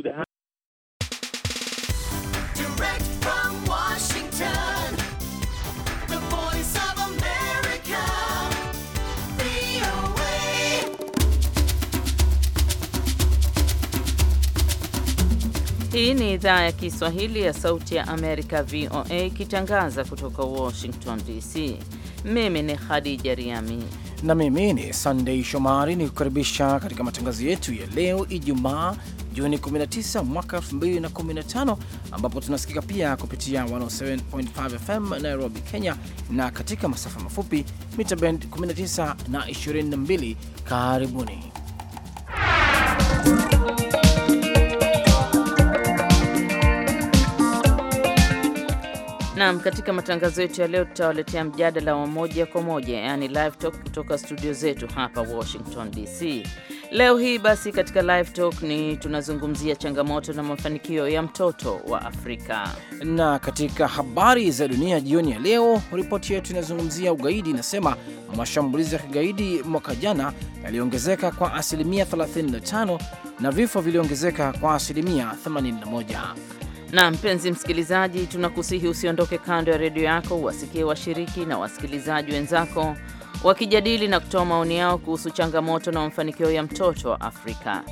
Direct from Washington, the voice of America, Hii ni idhaa ya Kiswahili ya Sauti ya Amerika, VOA, ikitangaza kutoka Washington DC. Mimi ni Khadija Riami na mimi ni Sandei Shomari, ni kukaribisha katika matangazo yetu ya leo Ijumaa Juni 19 mwaka 2015, ambapo tunasikika pia kupitia 107.5 FM Nairobi, Kenya, na katika masafa mafupi mita bend 19 na 22. Karibuni. Naam, katika matangazo yetu ya leo tutawaletea mjadala wa moja kwa moja, yaani live talk kutoka studio zetu hapa Washington DC. Leo hii basi katika live talk ni tunazungumzia changamoto na mafanikio ya mtoto wa Afrika. Na katika habari za dunia jioni ya leo, ripoti yetu inazungumzia ugaidi. Inasema mashambulizi ya kigaidi mwaka jana yaliongezeka kwa asilimia 35 na vifo viliongezeka kwa asilimia 81. Na mpenzi msikilizaji, tunakusihi usiondoke kando ya redio yako, wasikie washiriki na wasikilizaji wenzako wakijadili na kutoa maoni yao kuhusu changamoto na mafanikio ya mtoto wa Afrika.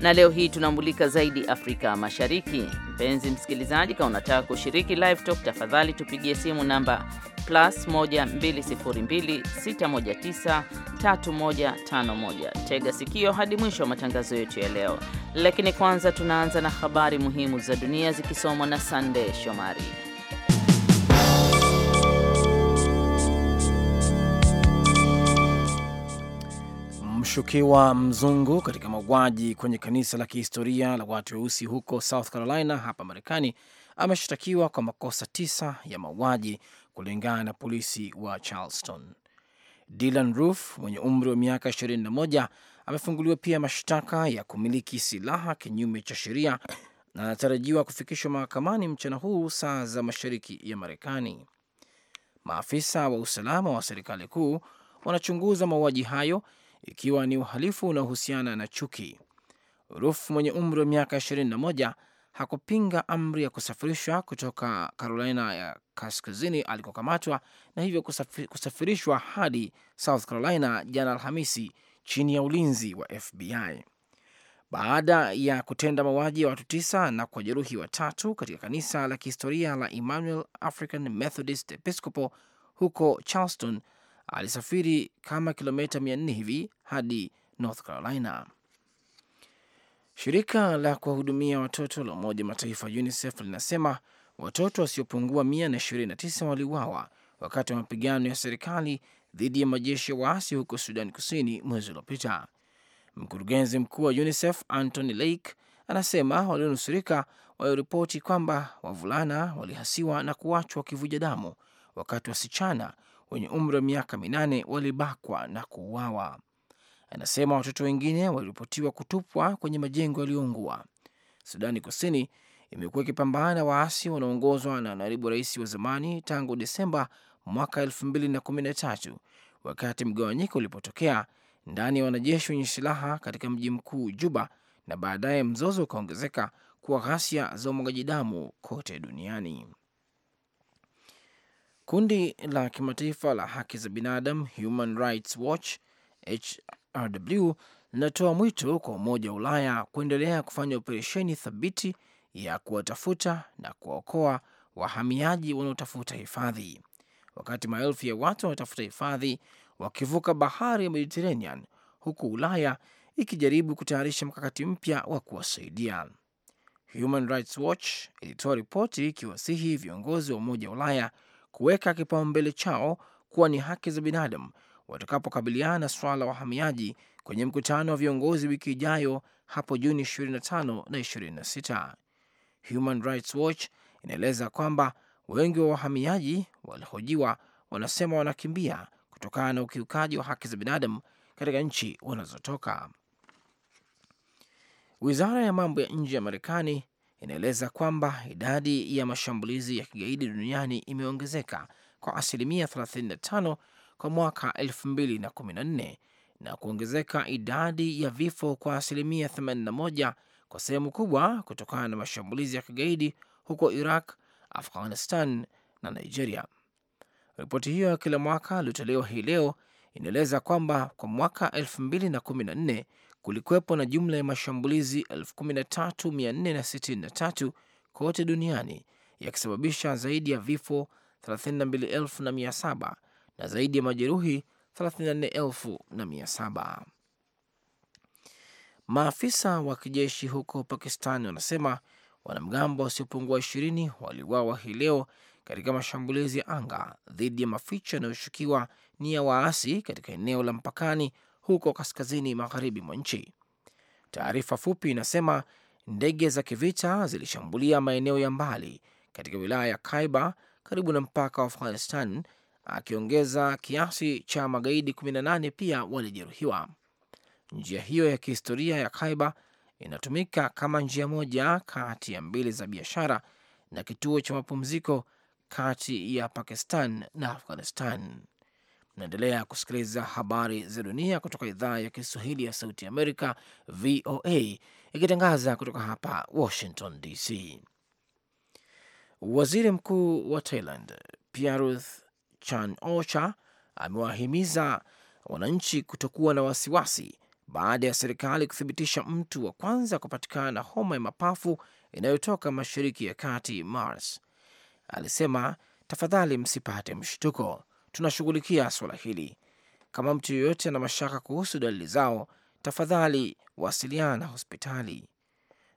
Na leo hii tunamulika zaidi Afrika Mashariki. Mpenzi msikilizaji, kama unataka kushiriki live talk, tafadhali tupigie simu namba plus 12026193151. Tega sikio hadi mwisho wa matangazo yetu ya leo, lakini kwanza tunaanza na habari muhimu za dunia zikisomwa na Sandey Shomari. Mshukiwa mzungu katika mauaji kwenye kanisa la kihistoria la watu weusi huko South Carolina hapa Marekani ameshtakiwa kwa makosa tisa ya mauaji kulingana na polisi wa Charleston. Dylan Roof mwenye umri wa miaka 21 amefunguliwa pia mashtaka ya kumiliki silaha kinyume cha sheria na anatarajiwa kufikishwa mahakamani mchana huu saa za mashariki ya Marekani. Maafisa wa usalama wa serikali kuu wanachunguza mauaji hayo ikiwa ni uhalifu unaohusiana na chuki. Ruf mwenye umri wa miaka 21 hakupinga amri ya kusafirishwa kutoka Carolina ya kaskazini alikokamatwa na hivyo kusafirishwa hadi South Carolina jana Alhamisi chini ya ulinzi wa FBI baada ya kutenda mauaji ya watu tisa na kuwajeruhi watatu katika kanisa la kihistoria la Emmanuel African Methodist Episcopal huko Charleston, alisafiri kama kilomita 400 hivi hadi North Carolina. Shirika la kuwahudumia watoto la Umoja Mataifa UNICEF linasema watoto wasiopungua 129 waliuawa wakati wa mapigano ya serikali dhidi ya majeshi ya waasi huko Sudan Kusini mwezi uliopita. Mkurugenzi mkuu wa UNICEF Anthony Lake anasema walionusurika waliripoti kwamba wavulana walihasiwa na kuachwa wakivuja damu, wakati wasichana wenye umri wa miaka minane walibakwa na kuuawa. Anasema watoto wengine waliripotiwa kutupwa kwenye majengo yaliyoungua. Sudani Kusini imekuwa ikipambana na waasi wanaoongozwa na naibu rais wa zamani tangu Desemba mwaka 2013 wakati mgawanyiko ulipotokea ndani ya wanajeshi wenye silaha katika mji mkuu Juba, na baadaye mzozo ukaongezeka kuwa ghasia za umwagaji damu kote duniani. Kundi la kimataifa la haki za binadamu Human Rights Watch HRW linatoa mwito kwa Umoja wa Ulaya kuendelea kufanya operesheni thabiti ya kuwatafuta na kuwaokoa wahamiaji wanaotafuta hifadhi, wakati maelfu ya watu wanaotafuta hifadhi wakivuka bahari ya Mediterranean, huku Ulaya ikijaribu kutayarisha mkakati mpya wa kuwasaidia. Human Rights Watch ilitoa ripoti ikiwasihi viongozi wa Umoja wa Ulaya kuweka kipaumbele chao kuwa ni haki za binadamu watakapokabiliana na suala la wahamiaji kwenye mkutano wa viongozi wiki ijayo hapo Juni 25 na 26. Human Rights Watch inaeleza kwamba wengi wa wahamiaji waliohojiwa wanasema wanakimbia kutokana na ukiukaji wa haki za binadamu katika nchi wanazotoka. Wizara ya mambo ya nje ya Marekani inaeleza kwamba idadi ya mashambulizi ya kigaidi duniani imeongezeka kwa asilimia 35 kwa mwaka 2014 na kuongezeka idadi ya vifo kwa asilimia 81 kwa sehemu kubwa kutokana na mashambulizi ya kigaidi huko Iraq, Afghanistan na Nigeria. Ripoti hiyo ya kila mwaka iliyotolewa hii leo inaeleza kwamba kwa mwaka 2014 kulikuwepo na jumla ya mashambulizi 13463 kote duniani yakisababisha zaidi ya vifo 32700 na zaidi ya majeruhi 34700. Maafisa wa kijeshi huko Pakistan wanasema wanamgambo wasiopungua 20 waliuawa hii leo katika mashambulizi ya anga dhidi ya maficho yanayoshukiwa ni ya waasi katika eneo la mpakani huko kaskazini magharibi mwa nchi. Taarifa fupi inasema ndege za kivita zilishambulia maeneo ya mbali katika wilaya ya Kaiba karibu na mpaka wa Afghanistan, akiongeza kiasi cha magaidi 18 pia walijeruhiwa. Njia hiyo ya kihistoria ya Kaiba inatumika kama njia moja kati ya mbili za biashara na kituo cha mapumziko kati ya Pakistan na Afghanistan. Naendelea kusikiliza habari za dunia kutoka idhaa ya Kiswahili ya Sauti Amerika, VOA, ikitangaza kutoka hapa Washington DC. Waziri Mkuu wa Thailand Prayuth chan Ocha amewahimiza wananchi kutokuwa na wasiwasi baada ya serikali kuthibitisha mtu wa kwanza kupatikana na homa ya mapafu inayotoka Mashariki ya Kati, MARS. Alisema, tafadhali msipate mshtuko, tunashughulikia suala hili. Kama mtu yeyote ana mashaka kuhusu dalili zao, tafadhali wasiliana na hospitali.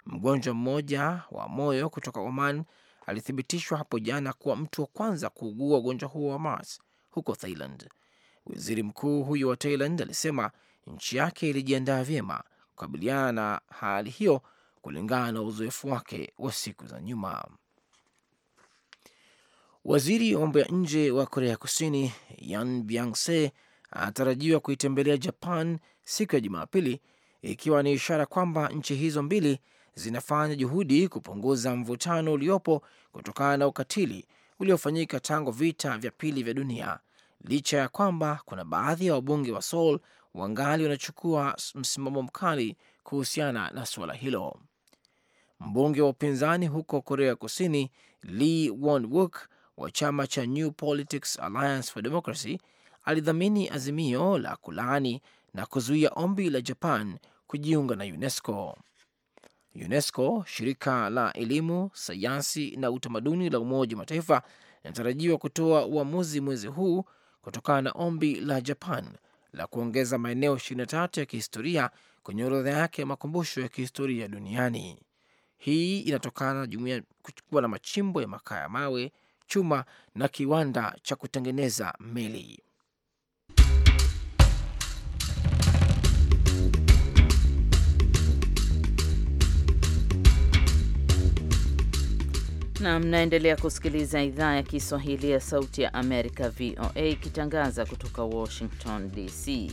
Mgonjwa mmoja wa moyo kutoka Oman alithibitishwa hapo jana kuwa mtu wa kwanza kuugua ugonjwa huo wa mars huko Thailand. Waziri mkuu huyo wa Thailand alisema nchi yake ilijiandaa vyema kukabiliana na hali hiyo kulingana na uzoefu wake wa siku za nyuma. Waziri wa mambo ya nje wa Korea Kusini Yan byang anatarajiwa kuitembelea Japan siku ya Jumapili, ikiwa ni ishara kwamba nchi hizo mbili zinafanya juhudi kupunguza mvutano uliopo kutokana na ukatili uliofanyika tangu vita vya pili vya dunia, licha ya kwamba kuna baadhi ya wabunge wa Seoul wangali wanachukua msimamo mkali kuhusiana na suala hilo. Mbunge wa upinzani huko Korea Kusini Lee Won-wook wa chama cha New Politics Alliance for Democracy alidhamini azimio la kulaani na kuzuia ombi la Japan kujiunga na UNESCO. UNESCO, shirika la elimu, sayansi na utamaduni la Umoja wa Mataifa, inatarajiwa kutoa uamuzi mwezi huu kutokana na ombi la Japan la kuongeza maeneo 23 ya kihistoria kwenye orodha yake ya makumbusho ya kihistoria duniani. Hii inatokana na jumuiya kuchukua na machimbo ya makaa ya mawe chuma na kiwanda cha kutengeneza meli. na mnaendelea kusikiliza idhaa ya Kiswahili ya Sauti ya Amerika, VOA, ikitangaza kutoka Washington DC.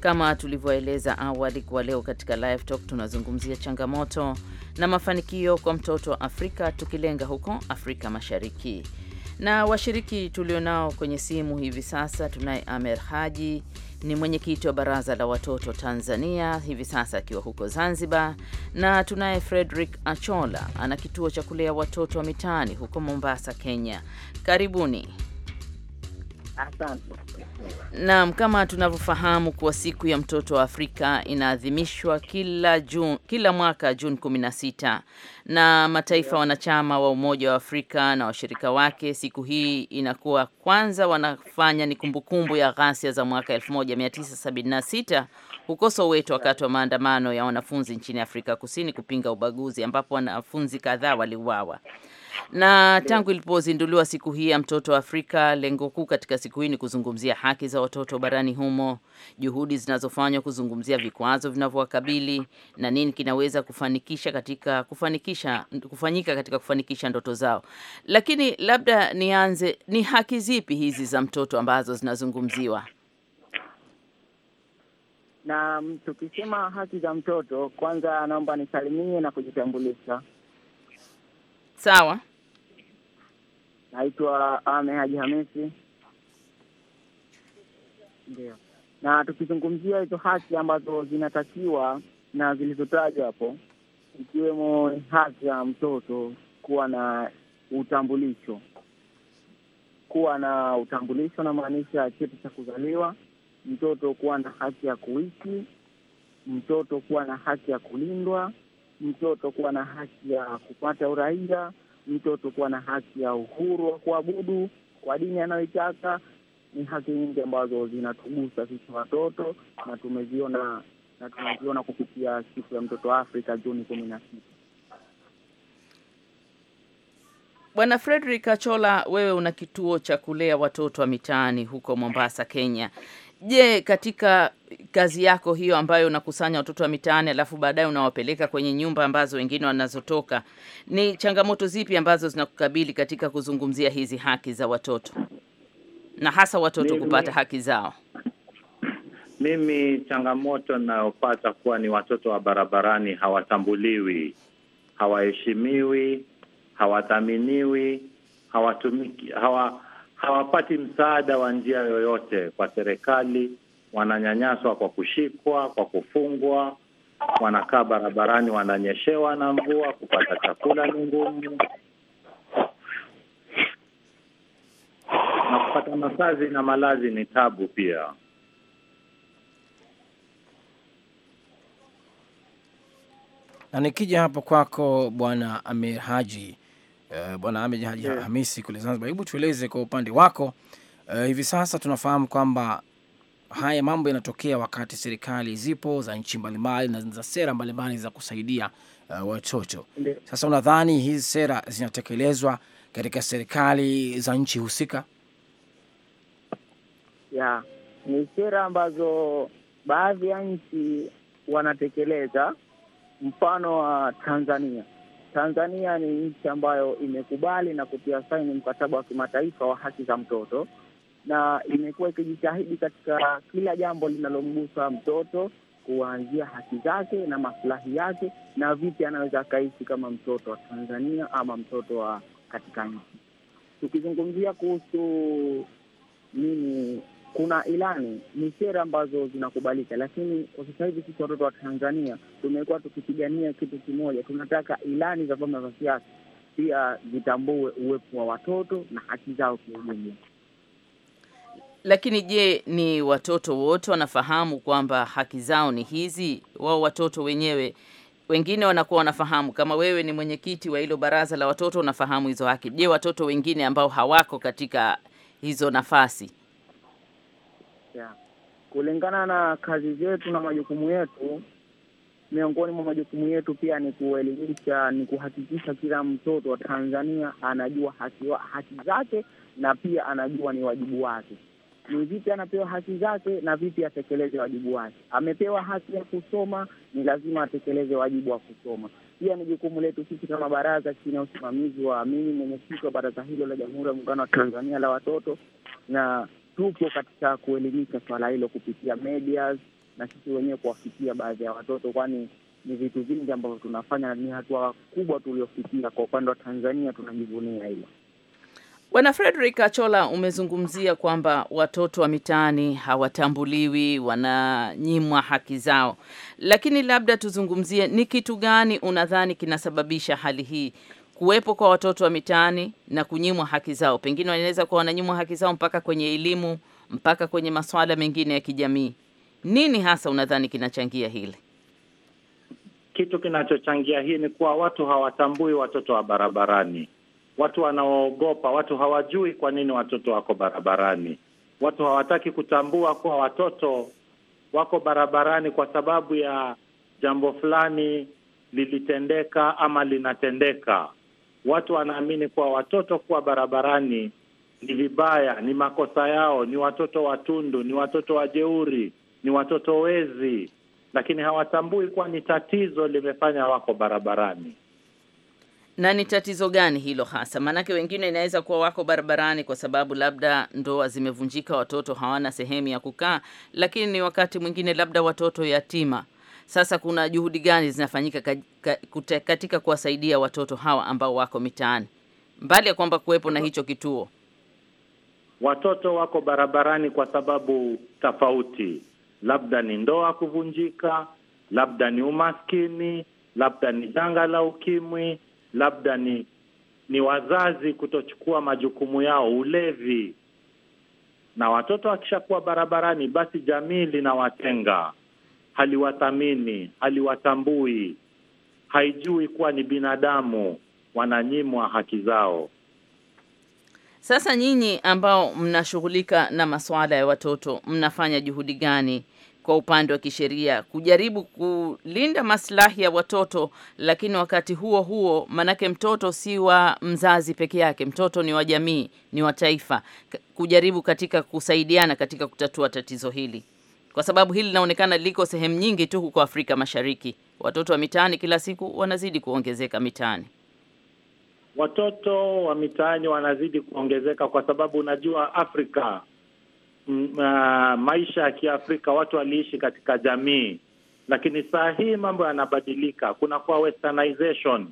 Kama tulivyoeleza awali, kwa leo katika Live Talk tunazungumzia changamoto na mafanikio kwa mtoto wa Afrika, tukilenga huko Afrika Mashariki. Na washiriki tulionao kwenye simu hivi sasa, tunaye Amer Haji, ni mwenyekiti wa baraza la watoto Tanzania, hivi sasa akiwa huko Zanzibar, na tunaye Frederick Achola, ana kituo cha kulea watoto wa mitaani huko Mombasa, Kenya. Karibuni. Asante. Naam, kama tunavyofahamu kuwa siku ya mtoto wa Afrika inaadhimishwa kila jun, kila mwaka Juni 16 na mataifa wanachama wa Umoja wa Afrika na washirika wake. Siku hii inakuwa kwanza wanafanya ni kumbukumbu ya ghasia za mwaka 1976 huko Soweto wakati wa maandamano ya wanafunzi nchini Afrika Kusini kupinga ubaguzi ambapo wanafunzi kadhaa waliuawa. Na tangu ilipozinduliwa siku hii ya mtoto wa Afrika, lengo kuu katika siku hii ni kuzungumzia haki za watoto barani humo, juhudi zinazofanywa kuzungumzia vikwazo vinavyowakabili na nini kinaweza kufanikisha katika kufanikisha kufanyika katika kufanikisha ndoto zao. Lakini labda nianze, ni haki zipi hizi za mtoto ambazo zinazungumziwa? Na tukisema haki za mtoto, kwanza naomba nisalimie na kujitambulisha. Sawa. Naitwa Ame Haji Hamisi. Ndio, na tukizungumzia hizo haki ambazo zinatakiwa na zilizotajwa hapo, ikiwemo haki ya mtoto kuwa na utambulisho. Kuwa na utambulisho namaanisha cheti cha kuzaliwa, mtoto kuwa na haki ya kuishi, mtoto kuwa na haki ya kulindwa mtoto kuwa na haki ya kupata uraia, mtoto kuwa na haki ya uhuru wa kuabudu kwa dini anayoitaka. Ni haki nyingi ambazo zinatugusa sisi watoto na tumeziona na tunaziona kupitia siku ya mtoto wa Afrika Juni kumi na sita. Bwana Frederick Achola, wewe una kituo cha kulea watoto wa mitaani huko Mombasa, Kenya. Je, katika kazi yako hiyo ambayo unakusanya watoto wa mitaani alafu baadaye unawapeleka kwenye nyumba ambazo wengine wanazotoka, ni changamoto zipi ambazo zinakukabili katika kuzungumzia hizi haki za watoto na hasa watoto mimi, kupata haki zao? Mimi changamoto ninayopata kuwa ni watoto wa barabarani hawatambuliwi, hawaheshimiwi, hawathaminiwi, hawatumiki, hawa hawapati msaada wa njia yoyote kwa serikali. Wananyanyaswa kwa kushikwa, kwa kufungwa, wanakaa barabarani, wananyeshewa na mvua, kupata chakula ni ngumu, na kupata makazi na malazi ni tabu pia. Na nikija hapo kwako Bwana Amir Haji, Eh, Bwana Ahmed Haji yeah, Hamisi kule Zanzibar, hebu tueleze kwa upande wako. Uh, hivi sasa tunafahamu kwamba haya mambo yanatokea wakati serikali zipo za nchi mbalimbali na za sera mbalimbali za kusaidia uh, watoto yeah. Sasa unadhani hizi sera zinatekelezwa katika serikali za nchi husika? Yeah, ni sera ambazo baadhi ya nchi wanatekeleza, mfano wa Tanzania Tanzania ni nchi ambayo imekubali na kutia saini mkataba wa kimataifa wa haki za mtoto na imekuwa ikijitahidi katika kila jambo linalomgusa mtoto kuanzia haki zake na maslahi yake na vipi anaweza akaishi kama mtoto wa Tanzania ama mtoto wa katika nchi. Tukizungumzia kuhusu nini kuna ilani, ni sera ambazo zinakubalika, lakini kwa sasa hivi sisi watoto wa Tanzania tumekuwa tukipigania kitu kimoja, tunataka ilani za vyama vya siasa pia zitambue uwepo wa watoto na haki zao kiujumla. Lakini je, ni watoto wote wanafahamu kwamba haki zao ni hizi? Wao watoto wenyewe wengine wanakuwa wanafahamu. Kama wewe ni mwenyekiti wa hilo baraza la watoto, unafahamu hizo haki. Je, watoto wengine ambao hawako katika hizo nafasi maisha kulingana na kazi zetu na majukumu yetu. Miongoni mwa majukumu yetu pia ni kuelimisha, ni kuhakikisha kila mtoto wa Tanzania anajua haki, haki zake na pia anajua ni wajibu wake ni vipi anapewa haki zake na vipi atekeleze wajibu wake. Amepewa haki ya kusoma, ni lazima atekeleze wajibu wa kusoma. Pia ni jukumu letu sisi kama baraza chini ya usimamizi wa mimi mwenyekiti wa baraza hilo la Jamhuri ya Muungano wa Tanzania la watoto na tupo katika kuelimisha swala hilo kupitia medias na sisi wenyewe kuwafikia baadhi ya watoto, kwani ni vitu vingi ambavyo tunafanya na ni hatua kubwa tuliofikia. Kwa upande wa Tanzania tunajivunia hilo. Bwana Frederick Achola, umezungumzia kwamba watoto wa mitaani hawatambuliwi, wananyimwa haki zao, lakini labda tuzungumzie ni kitu gani unadhani kinasababisha hali hii? kuwepo kwa watoto wa mitaani na kunyimwa haki zao. Pengine wanaweza kuwa wananyimwa haki zao mpaka kwenye elimu, mpaka kwenye masuala mengine ya kijamii. Nini hasa unadhani kinachangia hili? Kitu kinachochangia hii ni kuwa watu hawatambui watoto wa barabarani, watu wanaogopa, watu hawajui kwa nini watoto wako barabarani. Watu hawataki kutambua kuwa watoto wako barabarani kwa sababu ya jambo fulani lilitendeka ama linatendeka watu wanaamini kuwa watoto kuwa barabarani ni vibaya, ni makosa yao, ni watoto watundu, ni watoto wajeuri, ni watoto wezi, lakini hawatambui kuwa ni tatizo limefanya wako barabarani. Na ni tatizo gani hilo hasa? Maanake wengine inaweza kuwa wako barabarani kwa sababu labda ndoa zimevunjika, watoto hawana sehemu ya kukaa, lakini ni wakati mwingine labda watoto yatima sasa kuna juhudi gani zinafanyika katika kuwasaidia watoto hawa ambao wako mitaani, mbali ya kwamba kuwepo na hicho kituo? Watoto wako barabarani kwa sababu tofauti, labda ni ndoa kuvunjika, labda ni umaskini, labda ni janga la ukimwi, labda ni ni wazazi kutochukua majukumu yao, ulevi. Na watoto wakishakuwa barabarani, basi jamii linawatenga haliwathamini, haliwatambui, haijui kuwa ni binadamu, wananyimwa haki zao. Sasa nyinyi ambao mnashughulika na masuala ya watoto, mnafanya juhudi gani kwa upande wa kisheria kujaribu kulinda maslahi ya watoto, lakini wakati huo huo, manake mtoto si wa mzazi peke yake, mtoto ni wa jamii, ni wa taifa, kujaribu katika kusaidiana katika kutatua tatizo hili? kwa sababu hili linaonekana liko sehemu nyingi tu huko Afrika Mashariki. Watoto wa mitaani kila siku wanazidi kuongezeka mitaani. Watoto wa mitaani wanazidi kuongezeka kwa sababu unajua, Afrika m, mm, a, uh, maisha ya Kiafrika watu waliishi katika jamii, lakini saa hii mambo yanabadilika. Kunakuwa westernization,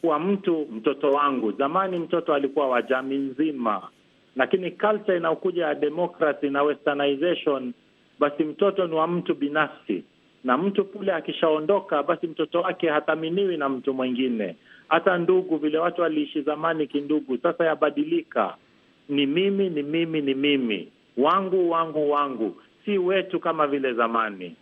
kwa mtu mtoto wangu. Zamani mtoto alikuwa wa jamii nzima, lakini culture inaokuja ya democracy na westernization basi mtoto ni wa mtu binafsi, na mtu kule akishaondoka, basi mtoto wake hathaminiwi na mtu mwingine. Hata ndugu vile watu waliishi zamani kindugu, sasa yabadilika. Ni mimi, ni mimi, ni mimi, wangu, wangu, wangu, si wetu kama vile zamani.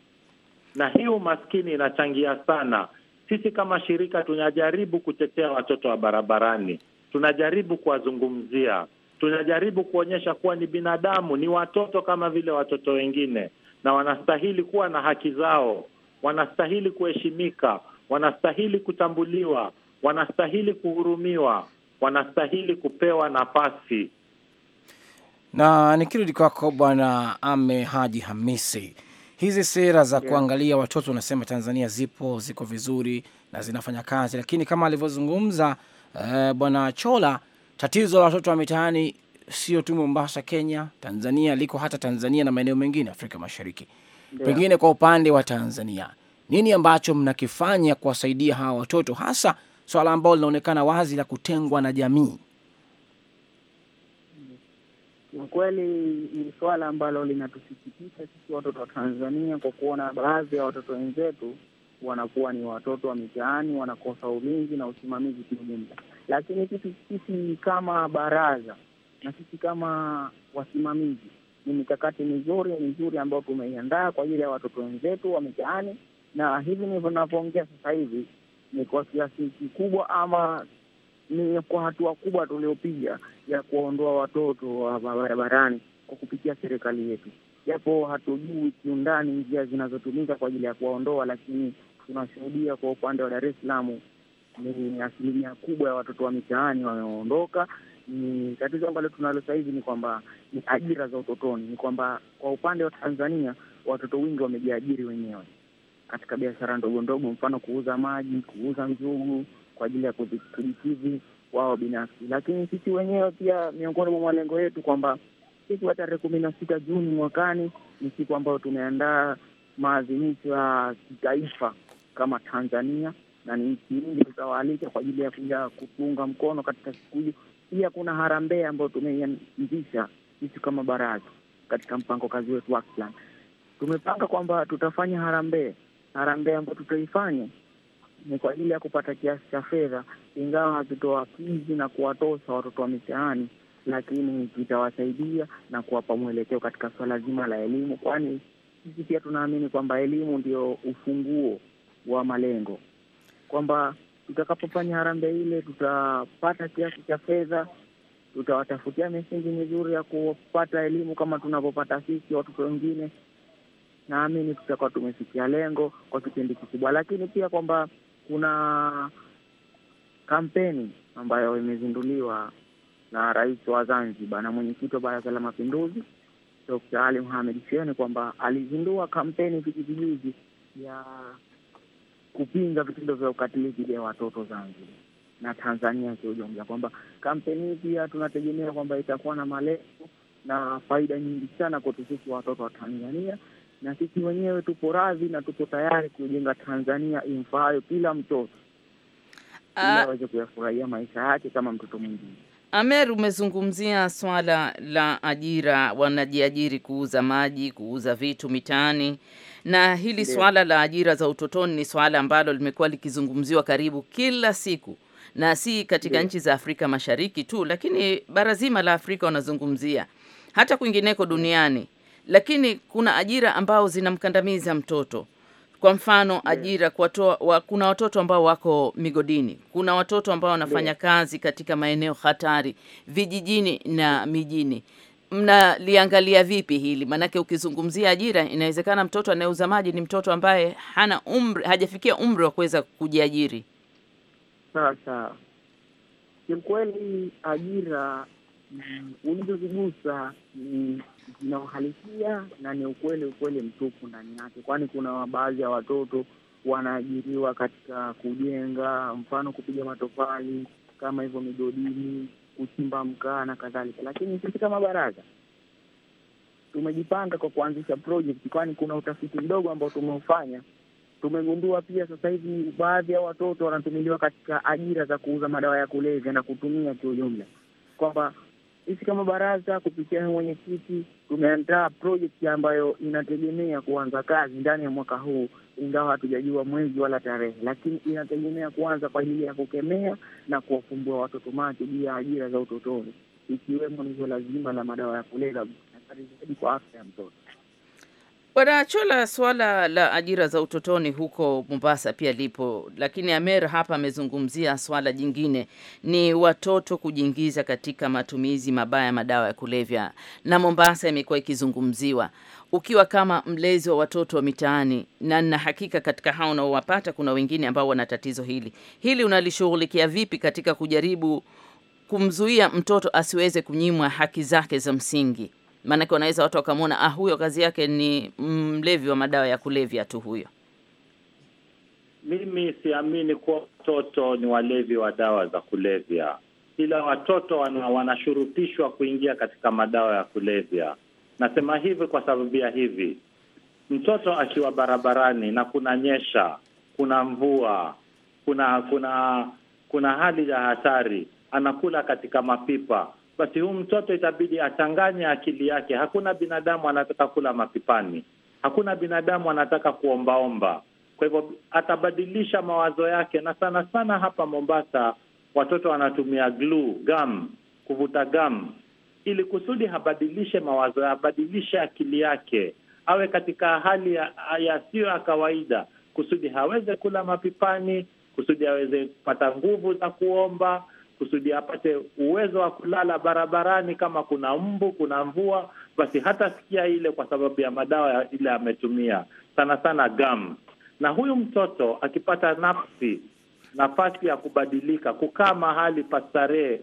Na hii umaskini inachangia sana. Sisi kama shirika tunajaribu kutetea watoto wa barabarani, tunajaribu kuwazungumzia tunajaribu kuonyesha kuwa ni binadamu, ni watoto kama vile watoto wengine, na wanastahili kuwa na haki zao, wanastahili kuheshimika, wanastahili kutambuliwa, wanastahili kuhurumiwa, wanastahili kupewa nafasi. Na nikirudi kwako Bwana Ame Haji Hamisi, hizi sera za yeah, kuangalia watoto unasema Tanzania zipo, ziko vizuri na zinafanya kazi, lakini kama alivyozungumza eh, Bwana Chola Tatizo la watoto wa mitaani sio tu Mombasa, Kenya, Tanzania, liko hata Tanzania na maeneo mengine Afrika Mashariki. Deo. Pengine kwa upande wa Tanzania, nini ambacho mnakifanya kuwasaidia hawa watoto, hasa swala ambalo linaonekana wazi la kutengwa na jamii? kwa Kweli ni swala ambalo linatusikitisha sisi watoto wa Tanzania kwa kuona baadhi ya watoto wenzetu wanakuwa ni watoto wa mitaani, wanakosa ulinzi na usimamizi kiujumla lakini sisi sisi kama baraza na sisi kama wasimamizi ni mikakati mizuri mizuri ambayo tumeiandaa kwa ajili ya watoto wenzetu wa mitaani, na hivi ndivyo ninavyoongea sasa hivi ni kwa kiasi kikubwa ama ni kwa hatua kubwa tuliopiga ya kuwaondoa watoto wa barabarani kwa kupitia serikali yetu, japo hatujui kiundani njia zinazotumika kwa ajili ya kuwaondoa, lakini tunashuhudia kwa upande wa Dar es Salaam ni asilimia kubwa ya watoto wa mitaani wameondoka. Ni tatizo ambalo tunalo sahizi ni kwamba ni ajira za utotoni, ni kwamba kwa upande wa Tanzania watoto wengi wamejiajiri wenyewe katika biashara ndogo ndogo, mfano kuuza maji, kuuza njugu kwa ajili ya kujikidhi wao binafsi. Lakini sisi wenyewe pia, miongoni mwa malengo yetu kwamba siku ya tarehe kumi na sita Juni mwakani ni siku ambayo tumeandaa maadhimisho ya kitaifa kama Tanzania na nchi nyingi tutawaalika kwa ajili ya kuja kuunga mkono katika siku hiyo. Pia kuna harambee ambayo tumeianzisha sisi kama baraza katika mpango kazi wetu work plan. Tumepanga kwamba tutafanya harambee. Harambee ambayo tutaifanya ni kwa ajili ya kupata kiasi cha fedha, ingawa kizi na kuwatosa watoto wa mitaani lakini kitawasaidia na kuwapa mwelekeo katika suala zima la elimu, kwani sisi pia tunaamini kwamba elimu ndio ufunguo wa malengo kwamba tutakapofanya harambe ile tutapata kiasi cha fedha, tutawatafutia misingi mizuri ya kupata elimu kama tunavyopata sisi watoto wengine. Naamini tutakuwa tumefikia lengo kwa kipindi kikubwa, lakini pia kwamba kuna kampeni ambayo imezinduliwa na Rais wa Zanzibar na mwenyekiti wa Baraza la Mapinduzi Dkt. Ali Muhamed Shein kwamba alizindua kampeni vijivijuzi ya kupinga vitendo vya ukatili dhidi ya watoto Zanzibar na Tanzania kiujumla, kwamba kampeni hii pia tunategemea kwamba itakuwa na malengo na faida nyingi sana kwetu sisi watoto wa Tanzania, na sisi wenyewe tupo radhi na tupo tayari kujenga Tanzania imfaayo kila mtoto ili ah. aweze kuyafurahia maisha yake kama mtoto mwingine. Amer, umezungumzia swala la ajira, wanajiajiri kuuza maji, kuuza vitu mitaani, na hili swala la ajira za utotoni ni swala ambalo limekuwa likizungumziwa karibu kila siku, na si katika nchi za Afrika Mashariki tu, lakini bara zima la Afrika wanazungumzia, hata kwingineko duniani. Lakini kuna ajira ambao zinamkandamiza mtoto kwa mfano ajira kwa to, wa, kuna watoto ambao wako migodini, kuna watoto ambao wanafanya kazi katika maeneo hatari vijijini na mijini. Mnaliangalia vipi hili? Maanake ukizungumzia ajira, inawezekana mtoto anayeuza maji ni mtoto ambaye hana umri, hajafikia umri wa kuweza kujiajiri. Sasa sawa, Ajira mm, ulivyozigusa ni mm, uhalisia na ni ukweli ukweli mtupu ndani yake, kwani kuna baadhi ya watoto wanaajiriwa katika kujenga, mfano kupiga matofali kama hivyo migodini, kuchimba mkaa na kadhalika. Lakini sisi kama baraza tumejipanga kwa kuanzisha project, kwani kuna utafiti mdogo ambao tumeufanya. Tumegundua pia sasa hivi baadhi ya watoto wanatumiliwa katika ajira za kuuza madawa ya kulevya na kutumia kiujumla, kwamba sisi kama baraza kupitia na mwenyekiti tumeandaa projekti ambayo inategemea kuanza kazi ndani ya mwaka huu, ingawa hatujajua mwezi wala tarehe, lakini inategemea kuanza kwa ajili ya kukemea na kuwafumbua watoto macho juu ya ajira za utotoni, ikiwemo nizo lazima la madawa ya kulevya kwa afya ya mtoto. Bwana Chola, swala la ajira za utotoni huko Mombasa pia lipo, lakini Amer hapa amezungumzia swala jingine, ni watoto kujiingiza katika matumizi mabaya ya madawa ya kulevya, na Mombasa imekuwa ikizungumziwa. Ukiwa kama mlezi wa watoto wa mitaani, na nina hakika katika hao unaowapata kuna wengine ambao wana tatizo hili, hili unalishughulikia vipi katika kujaribu kumzuia mtoto asiweze kunyimwa haki zake za msingi? maanake wanaweza watu wakamwona, ah, huyo kazi yake ni mlevi wa madawa ya kulevya tu huyo. Mimi siamini kuwa watoto ni walevi wa dawa za kulevya, ila watoto wana, wanashurutishwa kuingia katika madawa ya kulevya. Nasema hivi kwa sababu ya hivi, mtoto akiwa barabarani na nyesha, kuna mvua, kuna kuna kuna hali ya hatari, anakula katika mapipa basi huyu mtoto itabidi achanganye akili yake. Hakuna binadamu anataka kula mapipani, hakuna binadamu anataka kuombaomba. Kwa hivyo atabadilisha mawazo yake, na sana sana hapa Mombasa watoto wanatumia glue gum, kuvuta gum ili kusudi habadilishe mawazo, abadilishe akili yake, awe katika hali yasiyo ya, ya kawaida, kusudi haweze kula mapipani, kusudi aweze kupata nguvu za kuomba kusudi apate uwezo wa kulala barabarani. Kama kuna mbu, kuna mvua, basi hata sikia ile, kwa sababu ya madawa ile ametumia, sana sana gam. Na huyu mtoto akipata nafsi nafasi ya kubadilika, kukaa mahali pa starehe,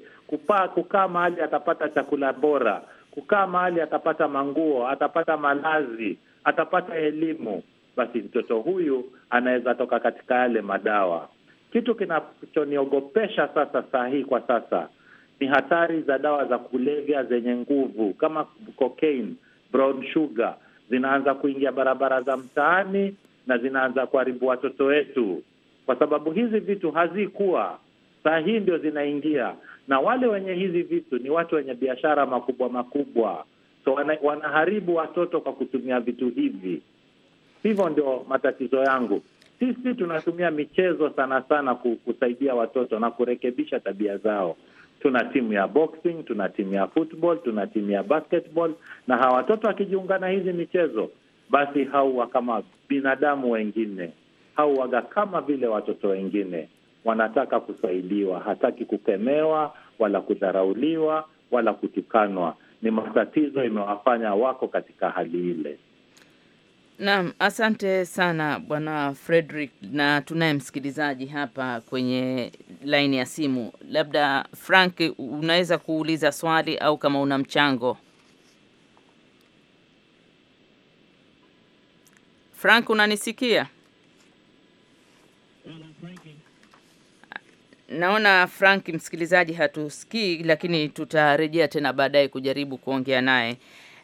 kukaa mahali atapata chakula bora, kukaa mahali atapata manguo, atapata malazi, atapata elimu, basi mtoto huyu anaweza toka katika yale madawa. Kitu kinachoniogopesha sasa saa hii kwa sasa ni hatari za dawa za kulevya zenye nguvu kama cocaine, brown sugar zinaanza kuingia barabara za mtaani na zinaanza kuharibu watoto wetu, kwa sababu hizi vitu hazikuwa, saa hii ndio zinaingia, na wale wenye hizi vitu ni watu wenye biashara makubwa makubwa, so wana, wanaharibu watoto kwa kutumia vitu hivi. Hivyo ndio matatizo yangu. Sisi tunatumia michezo sana sana kusaidia watoto na kurekebisha tabia zao. Tuna timu ya boxing, tuna timu ya football, tuna timu ya basketball, na hawa watoto wakijiunga na hizi michezo, basi hauwa kama binadamu wengine, hauwaga kama vile watoto wengine. Wanataka kusaidiwa, hataki kukemewa wala kudharauliwa wala kutukanwa. Ni matatizo imewafanya wako katika hali ile. Naam, asante sana bwana Frederick, na tunaye msikilizaji hapa kwenye laini ya simu. Labda Frank, unaweza kuuliza swali au kama una mchango. Frank, unanisikia? Naona Frank msikilizaji hatusikii, lakini tutarejea tena baadaye kujaribu kuongea naye.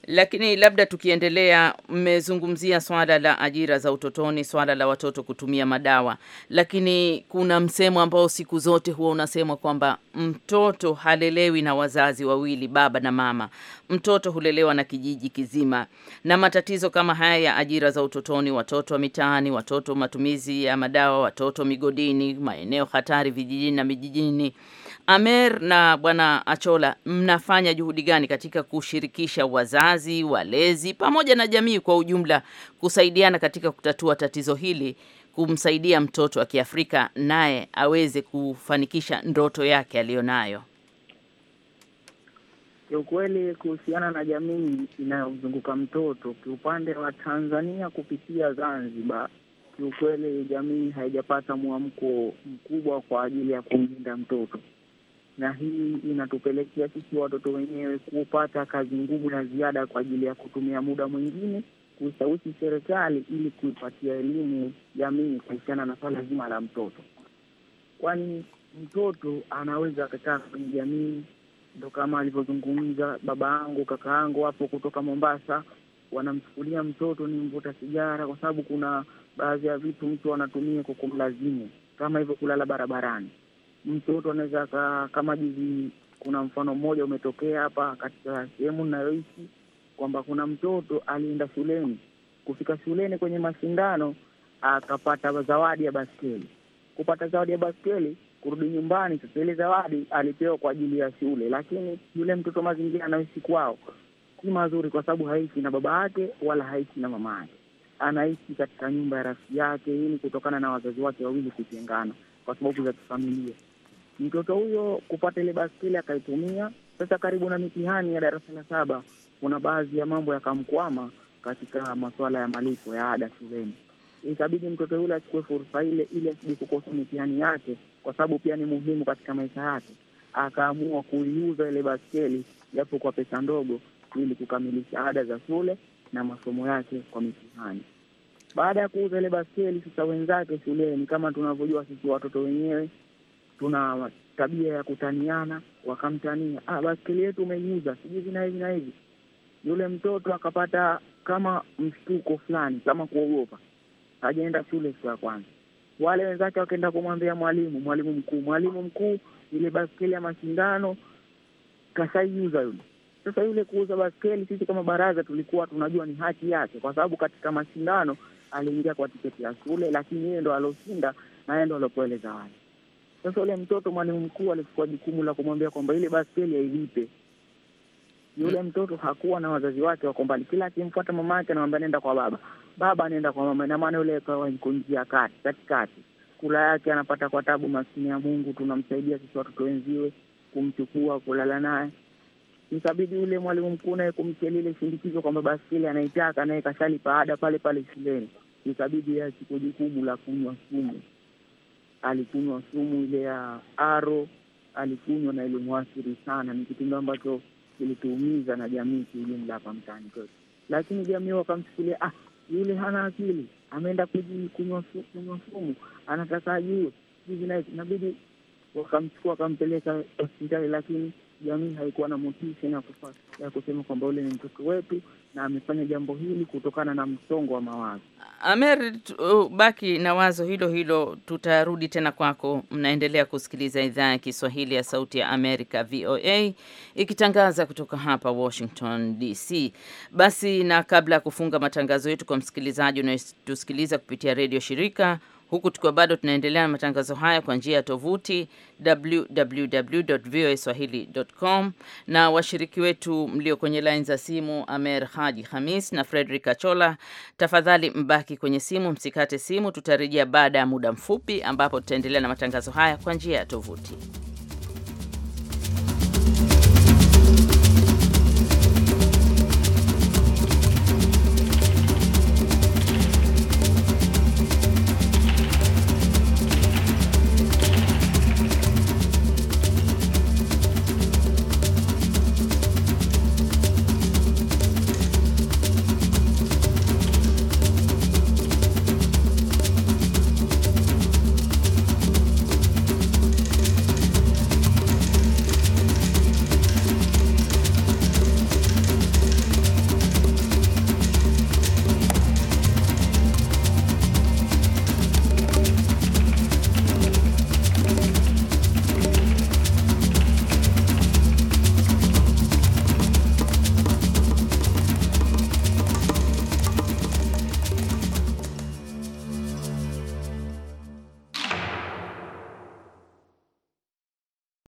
Lakini labda tukiendelea, mmezungumzia swala la ajira za utotoni, swala la watoto kutumia madawa, lakini kuna msemo ambao siku zote huwa unasemwa kwamba mtoto halelewi na wazazi wawili, baba na mama. Mtoto hulelewa na kijiji kizima, na matatizo kama haya ya ajira za utotoni, watoto wa mitaani, watoto matumizi ya madawa, watoto migodini, maeneo hatari vijijini na mijijini. Amer na Bwana Achola, mnafanya juhudi gani katika kushirikisha wazazi wazazi, walezi pamoja na jamii kwa ujumla kusaidiana katika kutatua tatizo hili kumsaidia mtoto wa Kiafrika naye aweze kufanikisha ndoto yake aliyonayo. Kiukweli, kuhusiana na jamii inayomzunguka mtoto, kiupande wa Tanzania kupitia Zanzibar, kiukweli jamii haijapata mwamko mkubwa kwa ajili ya kumlinda mtoto na hii inatupelekea sisi watoto wenyewe kupata kazi ngumu na ziada kwa ajili ya kutumia muda mwingine kushawishi serikali ili kuipatia elimu jamii kuhusiana na swala zima la mtoto, kwani mtoto anaweza akakaa kwenye jamii, ndo kama alivyozungumza baba yangu kaka yangu hapo kutoka Mombasa, wanamchukulia mtoto ni mvuta sigara, kwa sababu kuna baadhi ya vitu mtu anatumia kwa kumlazimu, kama hivyo kulala barabarani mtoto anaweza kama juzi, kuna mfano mmoja umetokea hapa katika sehemu ninayoishi kwamba kuna mtoto alienda shuleni, kufika shuleni kwenye mashindano akapata zawadi ya baskeli. Kupata zawadi ya baskeli, kurudi nyumbani, sasa ile zawadi alipewa kwa ajili ya shule, lakini yule mtoto mazingira anaishi kwao si mazuri, kwa sababu haishi na baba yake wala haishi na mama yake, anaishi katika nyumba ya rafiki yake. Hii ni kutokana na wazazi wake wawili kutengana kwa sababu za kifamilia. Mtoto huyo kupata ile baskeli akaitumia. Sasa karibu na mitihani ya darasa la saba, kuna baadhi ya mambo yakamkwama katika masuala ya malipo ya ada shuleni. Ikabidi mtoto yule achukue fursa ile ili asije kukosa mitihani yake, kwa sababu pia ni muhimu katika maisha yake. Akaamua kuiuza ile baskeli japo kwa pesa ndogo, ili kukamilisha ada za shule na masomo yake kwa mitihani. Baada ya kuuza ile baskeli, sasa wenzake shuleni, kama tunavyojua sisi watoto wenyewe tuna tabia ya kutaniana, wakamtania ah, baskeli yetu umeiuza sijui hivi na hivi na hivi. Yule mtoto akapata kama mshtuko fulani, kama kuogopa, hajaenda shule siku ya kwanza. Wale wenzake wakaenda kumwambia mwalimu, mwalimu mkuu, mwalimu mkuu, ile baskeli ya mashindano kashaiuza yule. Sasa yule kuuza baskeli, sisi kama baraza tulikuwa tunajua ni haki yake, kwa sababu katika mashindano aliingia kwa tiketi ya shule, lakini yeye ndo aloshinda na yeye ndo alopoeleza wale sasa ule mtoto mwalimu mkuu alichukua jukumu la kumwambia kwamba ile baskeli ailipe. Yule mm. mtoto hakuwa na wazazi wake wako mbali, kila akimfuata mama yake anamwambia nenda kwa baba, baba anaenda kwa mama. Ina maana yule akawa iko njia kati katikati, kula yake anapata kwa tabu. Maskini ya Mungu, tunamsaidia sisi watoto wenziwe kumchukua kulala naye ikabidi yule mwalimu mkuu naye kumtia lile shindikizo kwamba baskeli anaitaka, naye kashalipa ada pale pale shuleni, ikabidi achukue jukumu la kunywa sumu alikunywa sumu ile ya aro, alikunywa na ilimwathiri sana. Ni kitendo ambacho kilituumiza na jamii kiujumla hapa mtaani kwetu, lakini jamii wakamchukulia, ah, yule hana akili, ameenda kunywa sumu, anataka ajue hivi, inabidi wakamchukua wakampeleka hospitali, lakini jamii haikuwa na motivu tena ya kusema kwamba ule ni mtoto wetu na amefanya jambo hili kutokana na msongo wa mawazo. Amer, uh, baki na wazo hilo hilo, tutarudi tena kwako. Mnaendelea kusikiliza idhaa ya Kiswahili ya Sauti ya Amerika, VOA, ikitangaza kutoka hapa Washington DC. Basi na kabla ya kufunga matangazo yetu, kwa msikilizaji unayetusikiliza kupitia redio shirika huku tukiwa bado tunaendelea na matangazo haya kwa njia ya tovuti www.voaswahili.com na washiriki wetu mlio kwenye laini za simu, Amer Haji Hamis na Frederick Achola, tafadhali mbaki kwenye simu, msikate simu. Tutarejea baada ya muda mfupi, ambapo tutaendelea na matangazo haya kwa njia ya tovuti.